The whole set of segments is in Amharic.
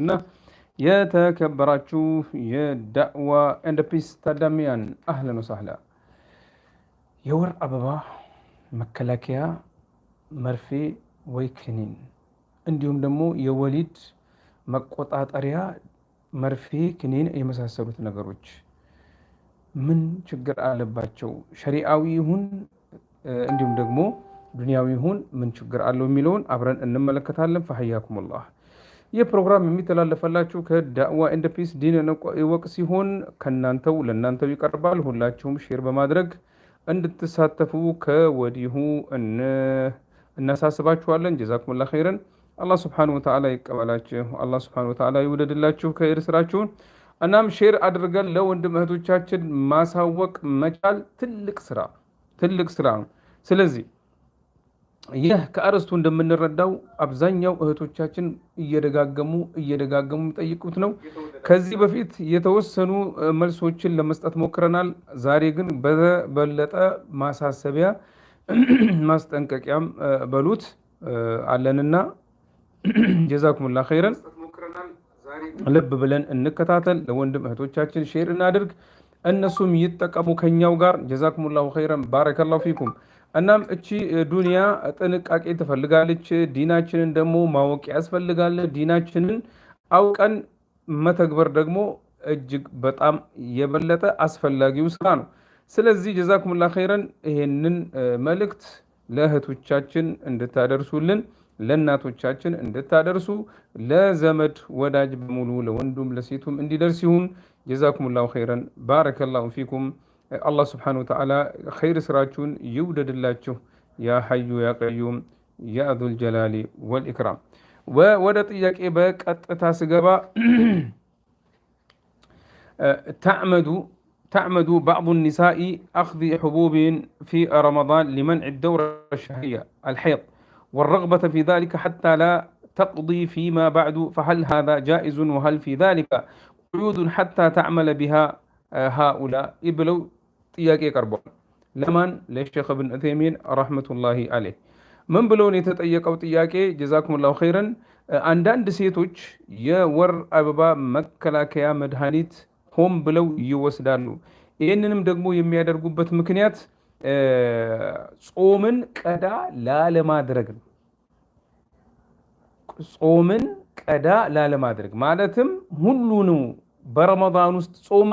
እና የተከበራችሁ የዳዕዋ ኤንድ ፒስ ታዳሚያን አህለን ወሳህላ። የወር አበባ መከላከያ መርፌ ወይ ክኒን እንዲሁም ደግሞ የወሊድ መቆጣጠሪያ መርፌ ክኒን የመሳሰሉት ነገሮች ምን ችግር አለባቸው? ሸሪአዊ ይሁን እንዲሁም ደግሞ ዱንያዊ ይሁን ምን ችግር አለው የሚለውን አብረን እንመለከታለን። ፈሀያኩም ይህ ፕሮግራም የሚተላለፈላችሁ ከዳዕዋ ኤንድ ፒስ ዲን ይወቅ ሲሆን ከእናንተው ለእናንተው ይቀርባል። ሁላችሁም ሼር በማድረግ እንድትሳተፉ ከወዲሁ እናሳስባችኋለን። ጀዛኩሙላ ኸይረን። አላህ ስብሓነሁ ወተዓላ ይቀበላችሁ፣ አላህ ስብሓነሁ ወተዓላ ይውደድላችሁ ከይር ስራችሁን። እናም ሼር አድርገን ለወንድም እህቶቻችን ማሳወቅ መቻል ትልቅ ስራ ትልቅ ስራ ነው። ስለዚህ ይህ ከአርዕስቱ እንደምንረዳው አብዛኛው እህቶቻችን እየደጋገሙ እየደጋገሙ የሚጠይቁት ነው። ከዚህ በፊት የተወሰኑ መልሶችን ለመስጠት ሞክረናል። ዛሬ ግን በበለጠ ማሳሰቢያ ማስጠንቀቂያም በሉት አለንና ጀዛኩሙላ ኸይረን ልብ ብለን እንከታተል። ለወንድም እህቶቻችን ሼር እናድርግ፣ እነሱም ይጠቀሙ ከኛው ጋር። ጀዛኩሙላሁ ኸይረን ባረከላሁ ፊኩም እናም እቺ ዱንያ ጥንቃቄ ትፈልጋለች። ዲናችንን ደግሞ ማወቅ ያስፈልጋል። ዲናችንን አውቀን መተግበር ደግሞ እጅግ በጣም የበለጠ አስፈላጊው ስራ ነው። ስለዚህ ጀዛኩሙላ ኸይረን ይሄንን መልእክት ለእህቶቻችን እንድታደርሱልን ለእናቶቻችን እንድታደርሱ ለዘመድ ወዳጅ በሙሉ ለወንዱም ለሴቱም እንዲደርስ ይሁን። ጀዛኩሙላሁ ኸይረን ባረከላሁ ፊኩም። الله سبحانه وتعالى خير سراجون يودد الله يا حي يا قيوم يا ذو الجلال والإكرام وودت إياك إباك أتاسقبا تعمدوا تعمد بعض النساء أخذ حبوب في رمضان لمنع الدورة الشهرية الحيض والرغبة في ذلك حتى لا تقضي فيما بعد فهل هذا جائز وهل في ذلك قيود حتى تعمل بها ሃኡላ ብለው ጥያቄ ቀርቧል። ለማን? ለሼክ እብን ዑቴሚን ረሕመቱላሂ አለይ ምን ብለውን የተጠየቀው ጥያቄ ጀዛኩሙላሁ ኸይረን። አንዳንድ ሴቶች የወር አበባ መከላከያ መድኃኒት ሆም ብለው ይወስዳሉ። ይህንንም ደግሞ የሚያደርጉበት ምክንያት ጾምን ቀዳ ላለማድረግ ነው። ጾምን ቀዳ ላለማድረግ ማለትም ሁሉንም በረመዳን ውስጥ ጾማ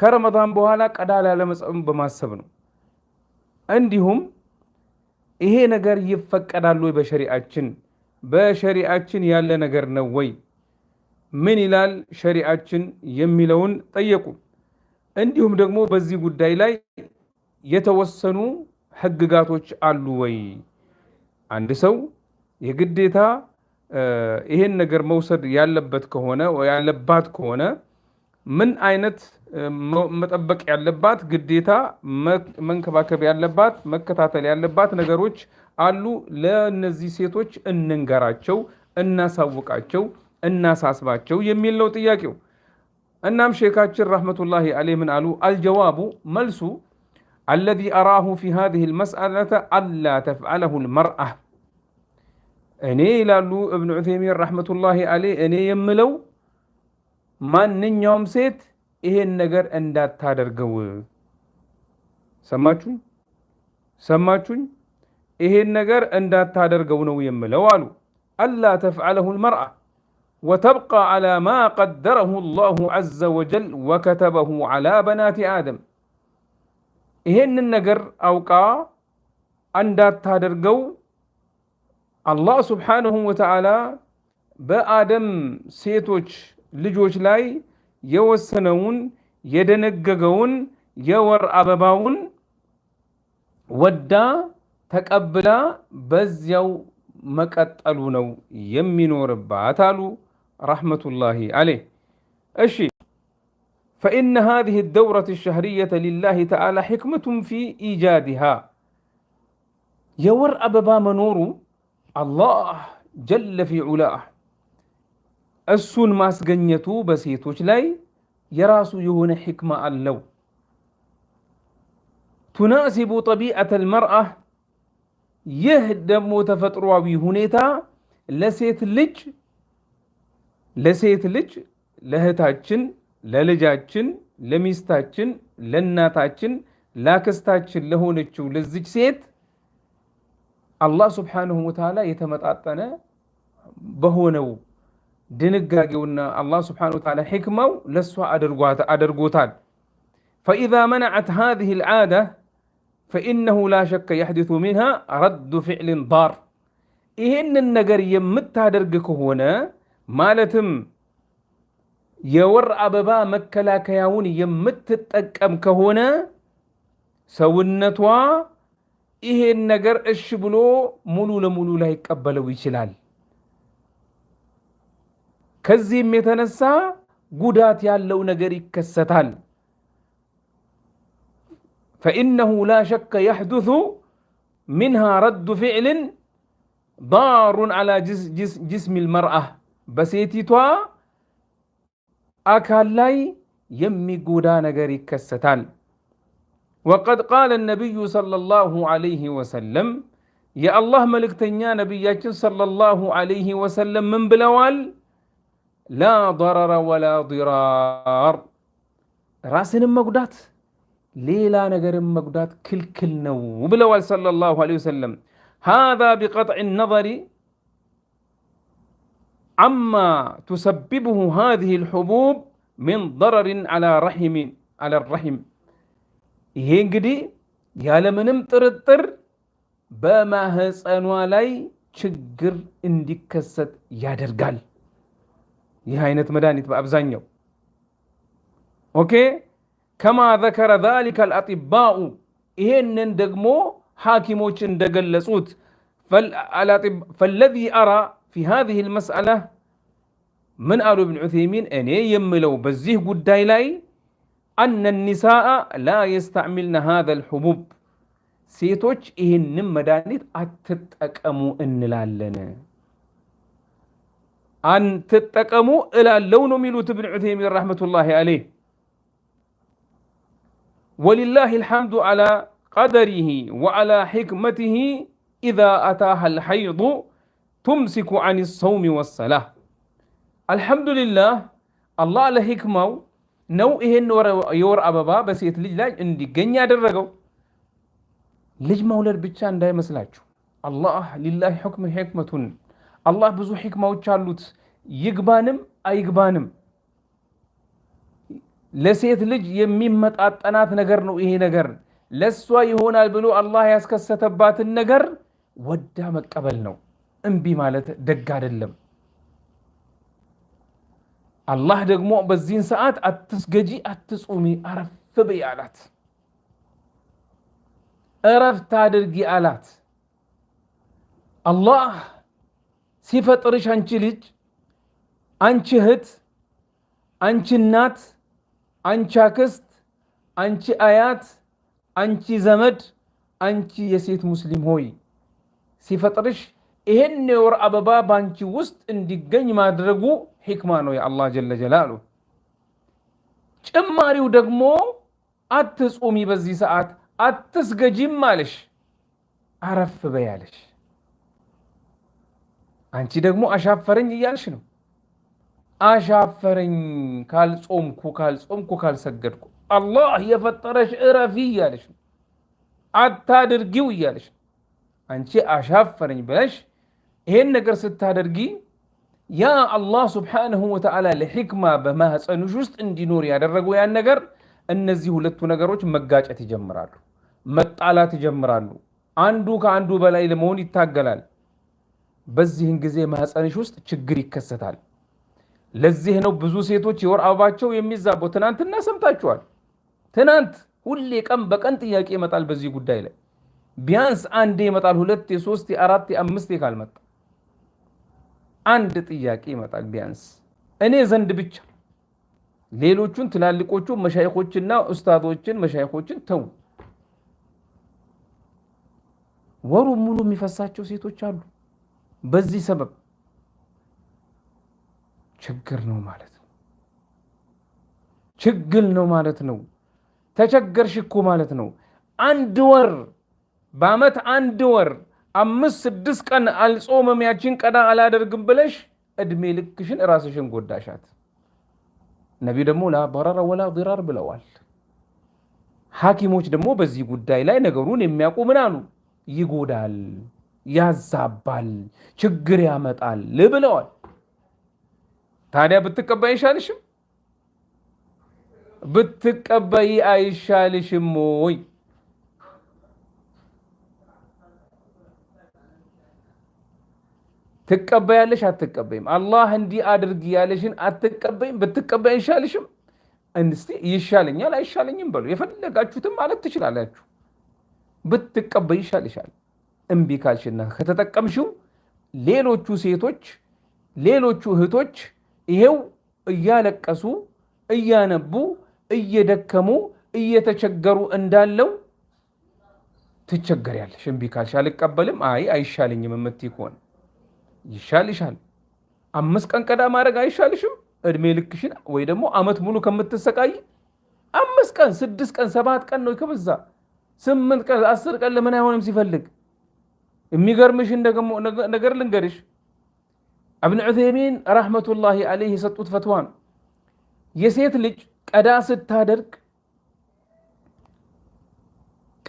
ከረመዳን በኋላ ቀዳ ላለመጾም በማሰብ ነው። እንዲሁም ይሄ ነገር ይፈቀዳል ወይ በሸሪአችን በሸሪአችን ያለ ነገር ነው ወይ ምን ይላል ሸሪአችን የሚለውን ጠየቁ። እንዲሁም ደግሞ በዚህ ጉዳይ ላይ የተወሰኑ ህግጋቶች አሉ ወይ? አንድ ሰው የግዴታ ይሄን ነገር መውሰድ ያለበት ከሆነ ያለባት ከሆነ ምን አይነት መጠበቅ ያለባት ግዴታ መንከባከብ ያለባት መከታተል ያለባት ነገሮች አሉ። ለእነዚህ ሴቶች እንንገራቸው፣ እናሳውቃቸው፣ እናሳስባቸው የሚል ነው ጥያቄው። እናም ሼካችን ረሕመቱላሂ አለይህ ምን አሉ? አልጀዋቡ መልሱ አለዚ አራሁ ፊ ሃዚህ ልመስአለተ አላ ተፍዓለሁ ልመርአ እኔ ይላሉ እብን ዑቴይሚን ረሕመቱላሂ አለይህ እኔ የምለው ማንኛውም ሴት ይሄን ነገር እንዳታደርገው። ሰማችሁኝ? ሰማችሁኝ? ይሄን ነገር እንዳታደርገው ነው የምለው አሉ። አላ ተፍዓለሁ ልመርአ ወተብቃ ዐላ ማ ቀደረሁ አላሁ ዐዘ ወጀል ወከተበሁ ዐላ በናቲ አደም። ይሄንን ነገር አውቃ እንዳታደርገው አላህ ስብሓንሁ ወተዓላ በአደም ሴቶች ልጆች ላይ የወሰነውን የደነገገውን የወር አበባውን ወዳ ተቀብላ በዚያው መቀጠሉ ነው የሚኖርባት አሉ ረሕመቱላሂ አለይህ። እሺ ፈኢነ ሃዚህ ደውረት ሻህርየተ ሊላሂ ተዓላ ሕክመቱን ፊ ኢጃድሃ የወር አበባ መኖሩ አላህ ጀለ ፊ ዑላህ እሱን ማስገኘቱ በሴቶች ላይ የራሱ የሆነ ሕክማ አለው። ቱናሲቡ ጠቢአተል መርአ ይህ ደግሞ ተፈጥሯዊ ሁኔታ ለሴት ልጅ ለሴት ልጅ ለእህታችን፣ ለልጃችን፣ ለሚስታችን፣ ለእናታችን፣ ላክስታችን ለሆነችው ለዚች ሴት አላህ ሱብሓነሁ ወተዓላ የተመጣጠነ በሆነው ድንጋጌውና አላህ ስብሓነሁ ወተዓላ ሕክማው ለእሷ አድርጎታል። ፈኢዛ መነዐት ሃዚሂ ልዓዳ ፈኢነሁ ላ ሸከ የሕድሱ ሚንሃ ረዱ ፊዕልን ዳር። ይህንን ነገር የምታደርግ ከሆነ ማለትም የወር አበባ መከላከያውን የምትጠቀም ከሆነ ሰውነቷ ይሄን ነገር እሽ ብሎ ሙሉ ለሙሉ ላይቀበለው ይችላል። ከዚህም የተነሳ ጉዳት ያለው ነገር ይከሰታል። ፈኢነሁ ላ ሸከ የሕዱሱ ሚንሃ ረዱ ፊዕልን ዳሩን አላ ጅስሚ ልመርአ በሴቲቷ አካል ላይ የሚጎዳ ነገር ይከሰታል። ወቀድ ቃለ ነቢዩ ሰለላሁ አለይህ ወሰለም የአላህ መልእክተኛ ነቢያችን ሰለላሁ አለይህ ወሰለም ምን ብለዋል? لا ضرر ولا ضرار راسن مقدات ليلا نجر مقدات كل كل نو بلوال صلى الله عليه وسلم هذا بقطع النظر عما تسببه هذه الحبوب من ضرر على رحم على الرحم ينقدي يا لما نمطر الطر بما هس انوالي شجر اندكست يا درقال ይህ አይነት መድኃኒት በአብዛኛው ኦኬ ከማ ዘከረ ዛሊከ አልአጢባኡ ይሄንን ደግሞ ሐኪሞች እንደገለጹት ፈለዚ አራ ፊ ሃዚህ ልመስአላ ምን አሉ ብን ዑቴይሚን እኔ የምለው በዚህ ጉዳይ ላይ አነ ኒሳአ ላ የስተዕሚልና ሃዘ ልሑቡብ ሴቶች ይህንም መድኃኒት አትጠቀሙ እንላለን። አንትጠቀሙ እላለው ነው የሚሉት እብን ዑተይሚን ረሕመቱላሂ አለይ ወሊላሂ ልሐምዱ ዓላ ቀደሪሂ ወዓላ ሕክመቲሂ ኢዛ አታሃ ልሐይዱ ቱምሲኩ ዐን ሰውሚ ወሰላህ። አልሐምዱሊላህ አላህ ለሕክማው ነው ይሄን የወር አበባ በሴት ልጅ ላይ እንዲገኝ ያደረገው። ልጅ መውለድ ብቻ እንዳይመስላችሁ አላህ ሊላሂ ሕክመቱን አላህ ብዙ ሂክማዎች አሉት። ይግባንም አይግባንም ለሴት ልጅ የሚመጣጠናት ነገር ነው። ይሄ ነገር ለእሷ ይሆናል ብሎ አላህ ያስከሰተባትን ነገር ወዳ መቀበል ነው። እምቢ ማለት ደግ አይደለም። አላህ ደግሞ በዚህን ሰዓት አትስገጂ፣ አትጹሚ፣ አረፍ በይ አላት። እረፍት አድርጊ አላት አላህ ሲፈጥርሽ አንቺ ልጅ፣ አንቺ እህት፣ አንቺ እናት፣ አንቺ አክስት፣ አንቺ አያት፣ አንቺ ዘመድ፣ አንቺ የሴት ሙስሊም ሆይ ሲፈጥርሽ ይሄን የወር አበባ በአንቺ ውስጥ እንዲገኝ ማድረጉ ሂክማ ነው የአላህ ጀለ ጀላሉ። ጭማሪው ደግሞ አትጹሚ በዚህ ሰዓት አትስገጂም አለሽ፣ አረፍ በያለሽ አንቺ ደግሞ አሻፈረኝ እያልሽ ነው። አሻፈረኝ ካልጾምኩ ካልጾምኩ ካልሰገድኩ አላህ የፈጠረሽ እረፊ እያለሽ ነው። አታድርጊው እያለሽ ነው። አንቺ አሻፈረኝ ብለሽ ይሄን ነገር ስታደርጊ ያ አላህ ስብሓነሁ ወተዓላ ለሕክማ በማህፀንሽ ውስጥ እንዲኖር ያደረገው ያን ነገር እነዚህ ሁለቱ ነገሮች መጋጨት ይጀምራሉ፣ መጣላት ይጀምራሉ። አንዱ ከአንዱ በላይ ለመሆን ይታገላል። በዚህን ጊዜ ማህፀንሽ ውስጥ ችግር ይከሰታል። ለዚህ ነው ብዙ ሴቶች የወር አበባቸው የሚዛበው። ትናንትና ሰምታችኋል። ትናንት ሁሌ ቀን በቀን ጥያቄ ይመጣል በዚህ ጉዳይ ላይ ቢያንስ አንዴ ይመጣል። ሁለት የሶስት የአራት የአምስት ካልመጣ አንድ ጥያቄ ይመጣል ቢያንስ እኔ ዘንድ ብቻ። ሌሎቹን ትላልቆቹ መሻይኮችና ኡስታዞችን መሻይኮችን ተዉ። ወሩ ሙሉ የሚፈሳቸው ሴቶች አሉ። በዚህ ሰበብ ችግር ነው ማለት ነው። ችግር ነው ማለት ነው። ተቸገርሽ እኮ ማለት ነው። አንድ ወር በአመት አንድ ወር አምስት ስድስት ቀን አልጾምም ያችን ቀዳ አላደርግም ብለሽ እድሜ ልክሽን እራስሽን ጎዳሻት። ነቢዩ ደግሞ ላ ወላ ዲራር ብለዋል። ሐኪሞች ደግሞ በዚህ ጉዳይ ላይ ነገሩን የሚያውቁ ምን አሉ? ይጎዳል ያዛባል፣ ችግር ያመጣል ብለዋል። ታዲያ ብትቀበይ አይሻልሽም? ብትቀበይ አይሻልሽም ወይ? ትቀበያለሽ? አትቀበይም? አላህ እንዲህ አድርግ ያለሽን አትቀበይም? ብትቀበይ አይሻልሽም? እንስቲ ይሻለኛል አይሻለኝም በሉ። የፈለጋችሁትም ማለት ትችላላችሁ። ብትቀበይ ይሻልሻል። እምቢ ካልሽና ከተጠቀምሽው ሌሎቹ ሴቶች ሌሎቹ እህቶች ይሄው እያለቀሱ እያነቡ እየደከሙ እየተቸገሩ እንዳለው ትቸገሪያለሽ። እምቢ ካልሽ አልቀበልም፣ አይ አይሻልኝም የምትይ ከሆነ ይሻልሻል። አምስት ቀን ቀዳ ማድረግ አይሻልሽም? እድሜ ልክሽን ወይ ደግሞ አመት ሙሉ ከምትሰቃይ አምስት ቀን፣ ስድስት ቀን፣ ሰባት ቀን ነው ከበዛ ስምንት ቀን፣ አስር ቀን ለምን አይሆንም ሲፈልግ የሚገርምሽን ነገር ልንገርሽ። እብን ዑቴይሚን ረሕመቱላሂ አለይህ የሰጡት ፈትዋ ነው። የሴት ልጅ ቀዳ ስታደርግ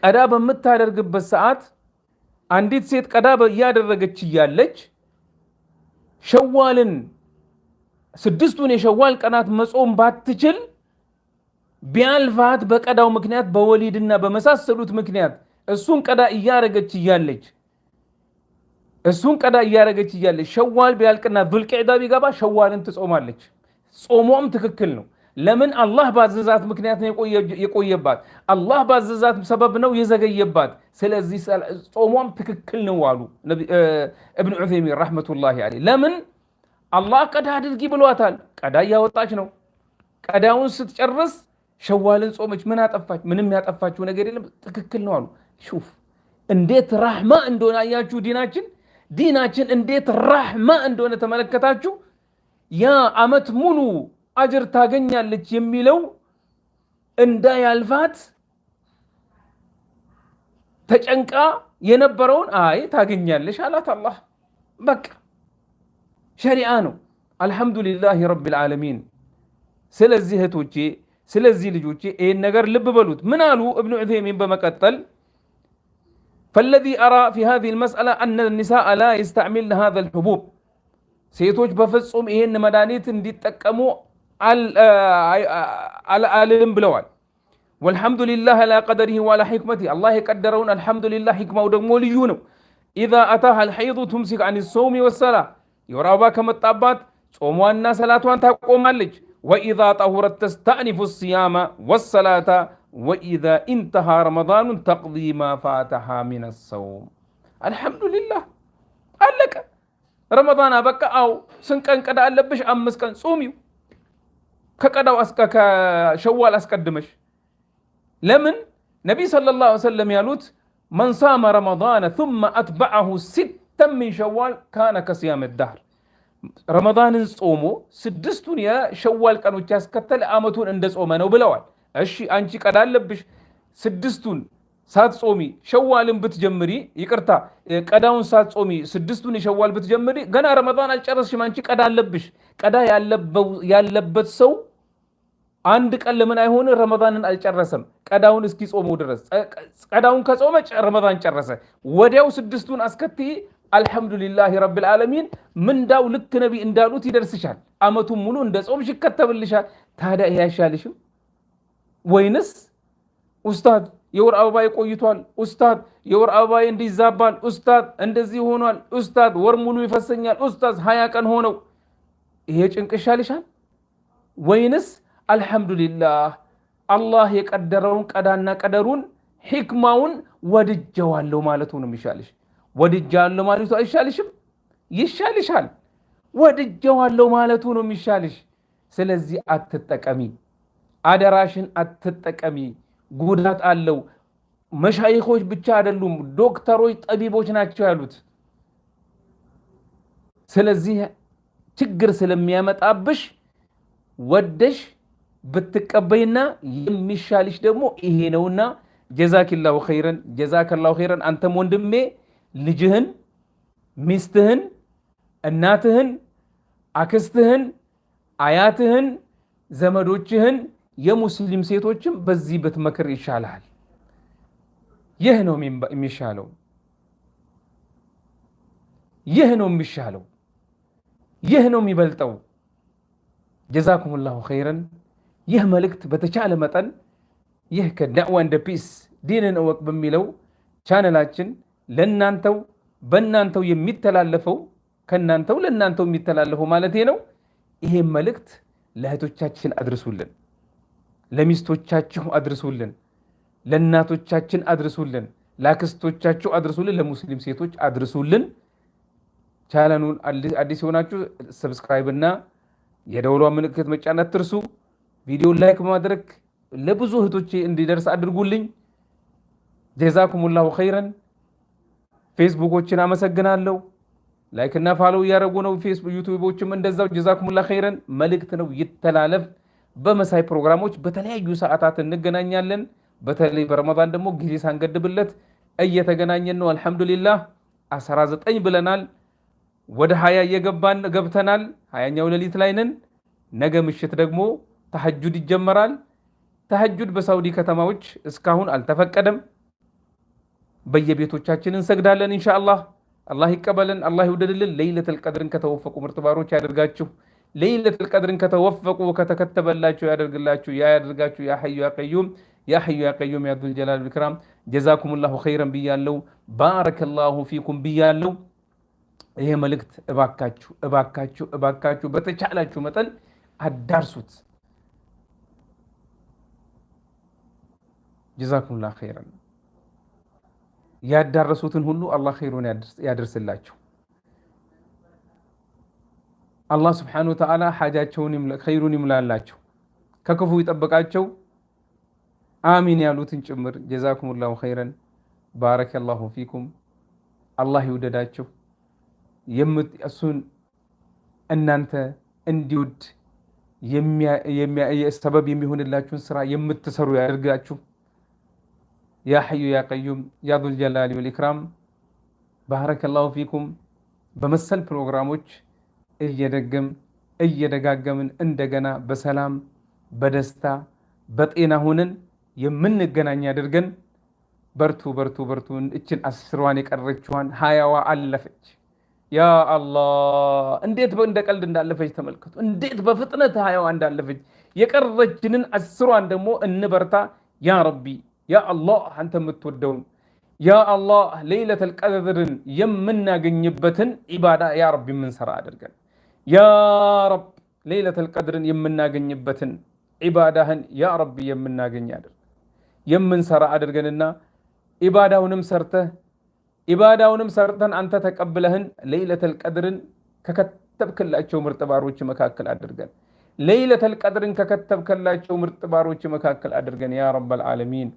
ቀዳ በምታደርግበት ሰዓት አንዲት ሴት ቀዳ እያደረገች እያለች ሸዋልን ስድስቱን የሸዋል ቀናት መጾም ባትችል ቢያልፋት በቀዳው ምክንያት በወሊድና በመሳሰሉት ምክንያት እሱን ቀዳ እያደረገች እያለች እሱን ቀዳ እያደረገች እያለች ሸዋል ቢያልቅና ዙልቅዕዳ ቢገባ ሸዋልን ትጾማለች። ጾሞም ትክክል ነው። ለምን አላህ ባዘዛት ምክንያት ነው የቆየባት። አላህ ባዘዛት ሰበብ ነው የዘገየባት። ስለዚህ ጾሟም ትክክል ነው አሉ እብን ዑሰይሚን ረሕመቱላሂ ዐለይህ። ለምን አላህ ቀዳ አድርጊ ብሏታል። ቀዳ እያወጣች ነው። ቀዳውን ስትጨርስ ሸዋልን ጾመች። ምን አጠፋች? ምንም ያጠፋችው ነገር የለም። ትክክል ነው አሉ። ሹፍ እንዴት ራህማ እንደሆነ አያችሁ ዲናችን ዲናችን እንዴት ራህማ እንደሆነ ተመለከታችሁ። ያ አመት ሙሉ አጅር ታገኛለች የሚለው እንዳያልፋት ተጨንቃ የነበረውን አይ ታገኛለሽ አላት አላህ። በቃ ሸሪአ ነው። አልሐምዱሊላህ ረቢል ዓለሚን። ስለዚህ እህቶቼ፣ ስለዚህ ልጆቼ ይህን ነገር ልብ በሉት። ምን አሉ እብኑ ዑሰይሚን በመቀጠል ፈለዚ አራ ፊ ሃዚሂል መስአላ አነ ኒሳአ ላ የስተዕሚልነ ሃዘል ሑቡብ ሴቶች በፍጹም ይሄን መድኃኒት እንዲጠቀሙ አልልም ብለዋል። ወልሐምዱሊላህ አላ ቀደሪሂ ወአላ ሒክመቲሂ አላህ የቀደረውን አልሐምዱሊላህ፣ ሒክማው ደግሞ ልዩ ነው። ኢዛ አታሃ አልሐይዱ ቱምሲክ አን ሶውሚ ወሰላ የወር አበባ ከመጣባት ጾሟና ሰላቷን ታቆማለች። ወኢዛ ጠሁረት ተስተዕኒፉ ሲያማ ወሰላታ ወኢዛ ኢንተሃ ረመዳኑን ተቅዲ ማ ፋተሃ ሚነ ሰውም። አልሐምዱሊላህ አለቀ። ረመዳን አበቃ። አዎ ስንት ቀን ቀዳ አለብሽ? አምስት ቀን ጾሚው ከቀዳው ከሸዋል አስቀድመሽ። ለምን ነቢይ ሰለላሁ ዐለይሂ ወሰለም ያሉት መን ሳመ ረመዳነ ሱመ አትበዐሁ ሲተን ሚን ሸዋል ካነ ከሲያም ዳህር ረመዳንን ጾሞ ስድስቱን የሸዋል ቀኖች ያስከተለ አመቱን እንደ ጾመ ነው ብለዋል። እሺ አንቺ ቀዳ አለብሽ ስድስቱን ሳትጾሚ ሸዋልን ብትጀምሪ ይቅርታ ቀዳውን ሳትጾሚ ስድስቱን የሸዋል ብትጀምሪ ገና ረመዳን አልጨረስሽም። አንቺ ቀዳ አለብሽ። ቀዳ ያለበት ሰው አንድ ቀን ለምን አይሆን? ረመዳንን አልጨረሰም። ቀዳውን እስኪ ጾመው ድረስ ቀዳውን ከጾመ ረመዳን ጨረሰ። ወዲያው ስድስቱን አስከትይ። አልሐምዱሊላህ ረብል ዓለሚን ምንዳው ልክ ነቢ እንዳሉት ይደርስሻል። አመቱን ሙሉ እንደ ጾምሽ ይከተብልሻል። ታዲያ ይህ አይሻልሽም? ወይንስ ኡስታዝ የወር አበባዬ ቆይቷል፣ ኡስታዝ የወር አበባዬ እንዲዛባል፣ ኡስታዝ እንደዚህ ሆኗል፣ ኡስታዝ ወር ሙሉ ይፈሰኛል፣ ኡስታዝ ሀያ ቀን ሆነው ይሄ ጭንቅ ይሻልሻል ወይንስ አልሐምዱሊላህ አላህ የቀደረውን ቀዳና ቀደሩን ሂክማውን ወድጀዋለሁ ማለቱ ነው የሚሻልሽ። ወድጃለሁ ማለቱ አይሻልሽም? ይሻልሻል። ወድጀዋለሁ ማለቱ ነው የሚሻልሽ። ስለዚህ አትጠቀሚ። አደራሽን አትጠቀሚ፣ ጉዳት አለው። መሻይኮች ብቻ አይደሉም፣ ዶክተሮች፣ ጠቢቦች ናቸው ያሉት። ስለዚህ ችግር ስለሚያመጣብሽ ወደሽ ብትቀበይና የሚሻልሽ ደግሞ ይሄ ነውና ጀዛኪላሁ ኸይረን ጀዛከላሁ ኸይረን። አንተም ወንድሜ ልጅህን፣ ሚስትህን፣ እናትህን፣ አክስትህን፣ አያትህን፣ ዘመዶችህን የሙስሊም ሴቶችም በዚህ ብትመክር ይሻልሃል። ይህ ነው የሚሻለው፣ ይህ ነው የሚሻለው፣ ይህ ነው የሚበልጠው። ጀዛኩም ላሁ ኸይረን። ይህ መልእክት በተቻለ መጠን ይህ ከዳዕዋ እንደ ፒስ ዲንን እወቅ በሚለው ቻነላችን ለናንተው በእናንተው የሚተላለፈው ከእናንተው ለእናንተው የሚተላለፈው ማለት ነው። ይሄ መልእክት ለእህቶቻችን አድርሱልን። ለሚስቶቻችሁ አድርሱልን፣ ለእናቶቻችን አድርሱልን፣ ለአክስቶቻችሁ አድርሱልን፣ ለሙስሊም ሴቶች አድርሱልን። ቻለኑን አዲስ የሆናችሁ ሰብስክራይብ እና የደውሏ ምልክት መጫን አትርሱ። ቪዲዮ ላይክ በማድረግ ለብዙ እህቶቼ እንዲደርስ አድርጉልኝ። ጀዛኩሙላሁ ኸይረን። ፌስቡኮችን አመሰግናለሁ። ላይክና ፋሎው እያደረጉ ነው። ዩቱቦችም እንደዛው ጀዛኩሙላ ኸይረን። መልእክት ነው ይተላለፍ። በመሳይ ፕሮግራሞች በተለያዩ ሰዓታት እንገናኛለን። በተለይ በረመዳን ደግሞ ጊዜ ሳንገድብለት እየተገናኘን ነው። አልሐምዱሊላህ 19 ብለናል። ወደ ሀያ እየገባን ገብተናል። ሀያኛው ሌሊት ላይ ነን። ነገ ምሽት ደግሞ ተሐጁድ ይጀመራል። ተሐጁድ በሳውዲ ከተማዎች እስካሁን አልተፈቀደም። በየቤቶቻችን እንሰግዳለን። ኢንሻአላህ አላህ አላህ ይቀበለን፣ አላህ ይውደድልን። ለይለተል ቀድርን ከተወፈቁ ምርጥ ባሮች ያደርጋችሁ። ለይለቱል ቀድርን ከተወፈቁ ከተከተበላችሁ ያደርግላችሁ ያ ያደርጋችሁ ያ ሐዩ ያ ቀዩም ያ ሐዩ ያ ቀዩም ያ ዙል ጀላል ወልኢክራም። ጀዛኩሙላሁ ኸይረን ብያለው ባረከላሁ ፊኩም ብያለው ይሄ መልእክት እባካችሁ እባካችሁ እባካችሁ በተቻላችሁ መጠን አዳርሱት። ጀዛኩሙላሁ ኸይረን። ያዳረሱትን ሁሉ አላህ ኸይሩን ያደርስላችሁ። አላህ ስብሓነሁ ወተዓላ ሐጃቸውን ኸይሩን ይምላላቸው፣ ከክፉ ይጠብቃቸው። አሚን ያሉትን ጭምር ጀዛኩሙላሁ ኸይረን፣ ባረከላሁ ፊኩም፣ አላህ ይውደዳቸው። እሱን እናንተ እንዲውድ ሰበብ የሚሆንላችሁን ስራ የምትሰሩ ያደርጋችሁ። ያ ሐዩ ያ ቀዩም ያ ዙልጀላሊ ወልኢክራም፣ ባረከላሁ ፊኩም። በመሰል ፕሮግራሞች እየደገም እየደጋገምን እንደገና በሰላም በደስታ በጤና ሆነን የምንገናኝ አድርገን በርቱ በርቱ በርቱ። እችን አስሯን የቀረችዋን ሀያዋ አለፈች። ያ አላህ እንዴት እንደ ቀልድ እንዳለፈች ተመልከቱ። እንዴት በፍጥነት ሀያዋ እንዳለፈች። የቀረችንን አስሯን ደግሞ እንበርታ። ያ ረቢ ያ አላህ አንተ የምትወደውን ያ አላህ ሌይለተል ቀድርን የምናገኝበትን ኢባዳ ያ ረቢ የምንሰራ አድርገን ያረብ ረብ ሌለተል ቀድርን የምናገኝበትን ዒባዳህን ያ ረቢ የምናገኝ አድርግ የምንሰራ አድርገንና ኢባዳውንም ሰርተህ ኢባዳውንም ሰርተን አንተ ተቀብለህን ሌይለተል ቀድርን ከከተብክላቸው ምርጥ ባሮች መካከል አድርገን ሌይለተል ቀድርን ከከተብክላቸው ምርጥ ባሮች መካከል አድርገን ያ ረበል ዓለሚን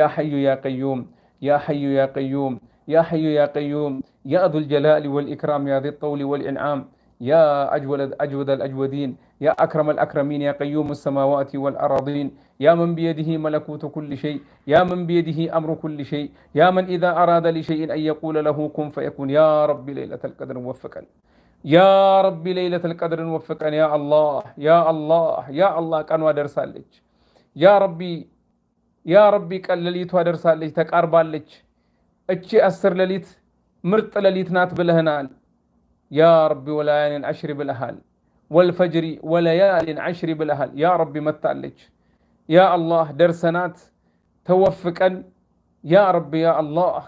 ያ ሐዩ ያ ቀዩም ያ ሐዩ ያ ቀዩም ያ ሐዩ ያ ቀዩም ያ ዙልጀላሊ ወልኢክራም ያ ዚ ጠውሊ ወልኢንዓም يا أجود أجود الأجودين يا أكرم الأكرمين يا قيوم السماوات والأراضين يا من بيده ملكوت كل شيء يا من بيده أمر كل شيء يا من إذا أراد لشيء أن يقول له كن فيكون يا رب ليلة القدر موفقا يا رب ليلة القدر موفقا يا الله يا الله يا الله كانوا درسالج يا ربي يا ربي قال لليت ودرسالج تقربالج እቺ أسر لليت مرت لليت نات بالهنال ያ ረቢ ወለያሊን አሽሪ ብለሃል ወልፈጅሪ ወለያሊን አሽሪ ብለሃል። ያ ረቢ መታለች። ያ አላህ ደርሰናት ተወፍቀን ያ ረቢ ያ አላህ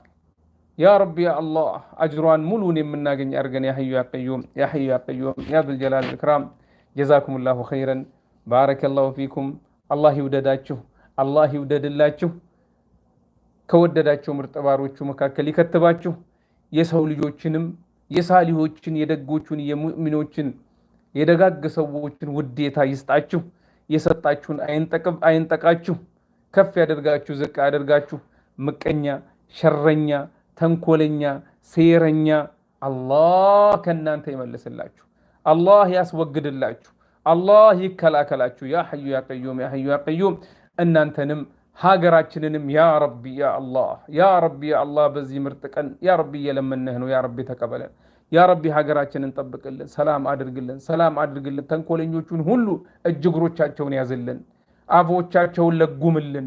ያ ረቢ ያ አላህ አጅሯን ሙሉን የምናገኝ አድርገን። ያ ሐዩ ያ ቀዩም ያ ሐዩ ያ ቀዩም ያ ዙልጀላል ወልኢክራም። ጀዛኩሙላሁ ኸይረን ባረከላሁ ፊኩም። አላህ ይውደዳችሁ፣ አላህ ይውደድላችሁ። ከወደዳቸው ምርጥ ባሮቹ መካከል ይከትባችሁ የሰው ልጆችንም የሳሊሆችን የደጎቹን የሙእሚኖችን የደጋግ ሰዎችን ውዴታ ይስጣችሁ። የሰጣችሁን አይንጠቃችሁ። ከፍ ያደርጋችሁ፣ ዝቅ ያደርጋችሁ። ምቀኛ፣ ሸረኛ፣ ተንኮለኛ፣ ሴረኛ አላህ ከእናንተ ይመልስላችሁ። አላህ ያስወግድላችሁ። አላህ ይከላከላችሁ። ያ ሐዩ ያ ቀዩም ያ ሐዩ ያ ቀዩም እናንተንም ሀገራችንንም ያ ረቢ ያ አላህ ያ ረቢ ያ አላህ በዚህ ምርጥ ቀን ያ ረቢ እየለመንህ ነው። ያ ረቢ ተቀበለን። ያ ረቢ ሀገራችንን ጠብቅልን፣ ሰላም አድርግልን፣ ሰላም አድርግልን። ተንኮለኞቹን ሁሉ እጅ ያዝልን፣ አፎቻቸውን ለጉምልን፣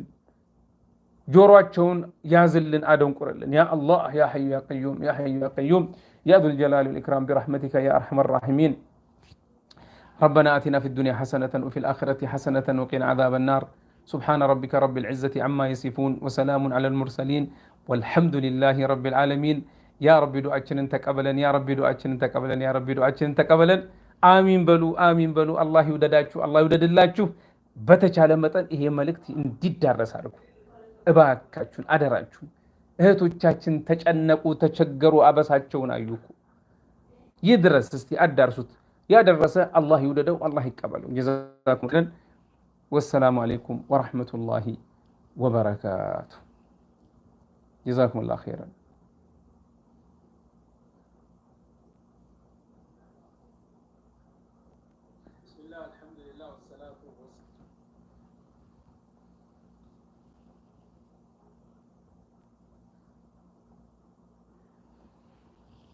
ጆሮቸውን ያዝልን፣ አደንቁርልን። ያ አላህ ያ ሐዩ ያ ቀዩም ያ ሐዩ ያ ቀዩም ያ ዙልጀላሊ ወልኢክራም ቢረሕመቲከ ያ አርሐመር ራሒሚን ረበና አቲና ፊ ዱንያ ሐሰነተን ወፊል አኺረቲ ሐሰነተን ወቂና ዓዛበ ናር سبحان ربك رب العزة عما يصفون وسلام على المرسلين والحمد لله رب العالمين يا رب دعاءنا تقبلا يا رب دعاءنا تقبلا يا رب دعاءنا تقبلا አሚን በሉ አሚን በሉ። አላህ ይውደዳችሁ፣ አላህ ይውደድላችሁ። በተቻለ መጠን ይሄ መልእክት እንዲዳረስ አድርጉ። እባካችሁን አደራችሁን። እህቶቻችን ተጨነቁ፣ ተቸገሩ፣ አበሳቸውን አዩ እኮ ይድረስ። እስቲ አዳርሱት። ያደረሰ አላህ ይውደደው፣ አላህ ይቀበለው። ጀዛኩም والسلام عليكم ورحمة الله وبركاته جزاكم الله خيرا